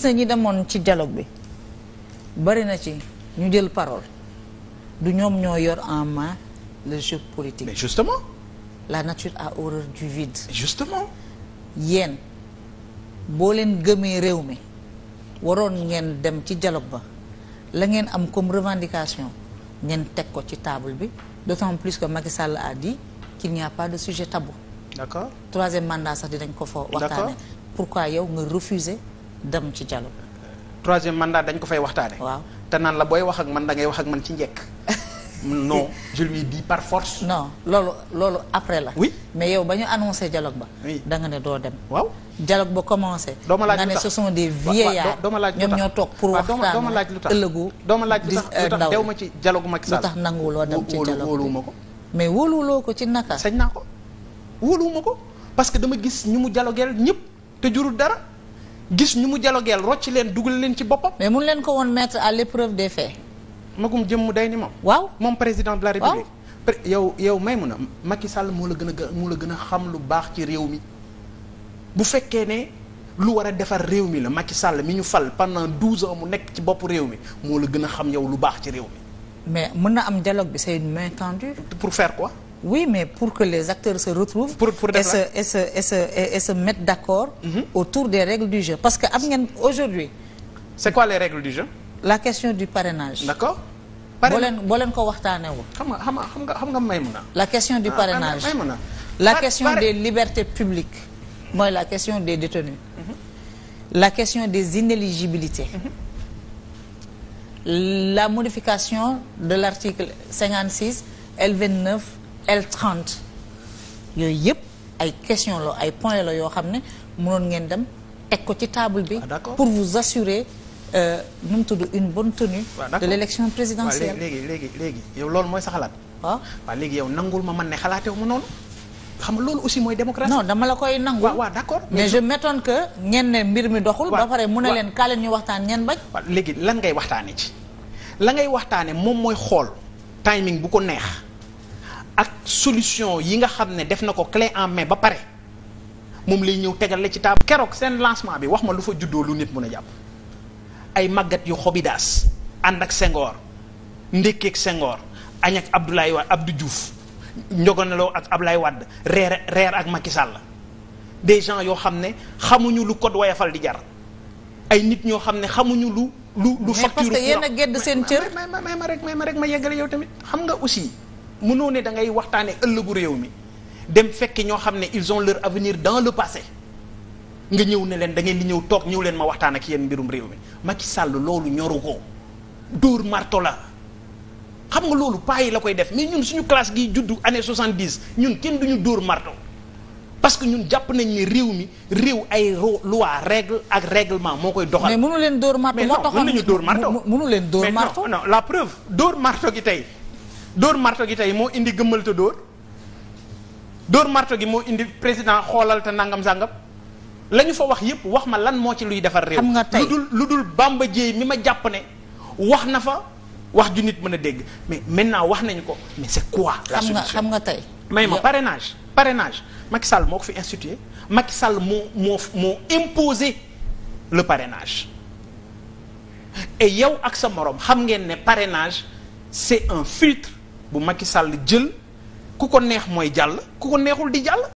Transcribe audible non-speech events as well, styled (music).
sa ñi demoon ci dialogue bi bari na ci ñu jël parole du ñoom ñoo yor en main le jeu politique. mais justement. la nature a horreur du vide. justement. yéen boo leen gëmee réew mi waroon ngeen dem ci dialogue ba la ngeen am comme revendication ngeen teg ko ci table bi d'autant plus que Macky Sall a di qu'il n'y a pas de sujet tabou. d'accord troisième mandat sax dinañ ko fa waxtaane. pourquoi yow nga refuser. dem ci dialogue. troisième mandat dañ ko fay waxtaane waaw te naan la booy wax ak man da ngay wax ak man ci njekk (laughs) non je lui par force. non loolu loolu après la. oui mais yow ba ñu annoncé dialogue ba. oui da nga ne doo dem. waaw dialogue ba commencé. doo ma laaj lu nga ne ce sont des ma laaj lu tax ñoom ñoo toog pour waxtaan. doo ma laaj lu tax ëllëgu. doo laaj lu tax euh, lu tax dew ma ci dialogue Macky Sall. lu tax nanguwuloo dem ci dialogue wóoluwuma ko. mais loo ko ci naka. sañ naa ko wóoluwuma ko parce que dama gis ñu mu dialogueel ñëpp te jurul dara. gis ñu mu dialogueel rocc leen dugal leen ci boppam. mais mun leen ko woon mettre à l'épreuve des faits. magum jëmm day ni moom. waaw moom président de la yow yow may mun a Macky Sall moo la gën a moo la gën a xam lu baax ci réew mi bu fekkee ne lu war a defar réew mi la Macky Sall mi ñu fal pendant douze ans mu nekk ci bopp réew mi moo la gën a xam yow lu baax ci réew mi. mais mën na am dialogue bi c'est une pour faire ko oui mais pour que les acteurs se retrouvent pour, pour et, se, et, se, et, mhm. des règles parce que am ngeen aujourd'hui c'est quoi les règles du jeu la question du parrainage d'accord boo leen ko waxtaanee wu xam nga xam nga xam nga may mun a la question du ah, parrainage may mun a la question des libertés publiques mooy la question des détenus mhm. la question des inéligibilités mm -hmm. la modification de l'article 56 L29 L30 yooyu yëpp ay question la ay point la yoo xam ne mënoon ngeen dem teg ko ci table bi ah, pour vous assurer euh, nu mu tudd une bonne tenue ah, de l'élection présidentielle léegi léegi léegi yow loolu mooy sa xalaat waa ah. waa léegi yow nangul ma man ne xalaateew ma noonu xam nga loolu aussi mooy démocratie. non dama la koy nangu. waa waaw d'accord mais je m'étonne que. ngeen ne mbir mi doxul. ba pare mu ne leen kaa leen ñu waxtaan ngeen bañ. waaw léegi lan ngay waxtaanee ci. la ngay waxtaanee moom mooy xool timing bu ko neex. ak solution yi nga xam ne def na ko clé en mais ba pare moom lay ñëw tegal la ci table keroog seen lancement bi wax ma lu fa juddoo lu nit mun a jàpp ay màggat yu xobidaas ànd ak sengoor ndékkeeg Senghor añ ak Abdoulaye Wade Abdou Diouf njogonaloo ak Ablaye Wade reer reer ak Macky la des gens yoo xam ne xamuñu lu kod wayafal di jar ay nit ñoo xam ne xamuñu lu lu lu facture mais parce que seen cër may ma rek may ma rek ma yeggale yow tamit xam nga aussi munoo ne da ngay waxtaane ëllëgu réew mi dem fekki ñoo xam ne ils ont leur avenir dans le passé nga ñëw ne leen da ngeen di ñëw toog ñëw leen ma waxtaan ak yéen mbirum réew mi Macky Sall loolu ñoru ko dóor marto la xam nga loolu paa yi la koy def mais ñun suñu classe gi juddu année 70 ñun kenn duñu dóor marto parce que ñun jàpp nañ ni réew mi réew ay loi règle ak règlement moo koy doxal. mais mënu leen dóor marto moo tax mënu leen dóor marto non la preuve dóor marto gi tey. door marto gi tey moo indi gëmmal door dóor dóor marto gi moo indi président xoolal te nangam sàngam la ñu fa wax yépp wax ma lan moo ci luy defar réew. nga tey lu dul lu Bamba Dièye mi ma jàpp ne wax na fa wax ju nit mën a dégg mais maintenant wax nañu ko mais c'est quoi. la solution xam nga xam nga tey. may ma parenage parrainage Macky Sall moo ko fi institué Macky Sall moo moo moo imposé le parrainage et yow ak sa moroom xam ngeen ne parrainage c'est un filtre. bu Macky Sall jël ku ko neex mooy jàll ku ko neexul di jàll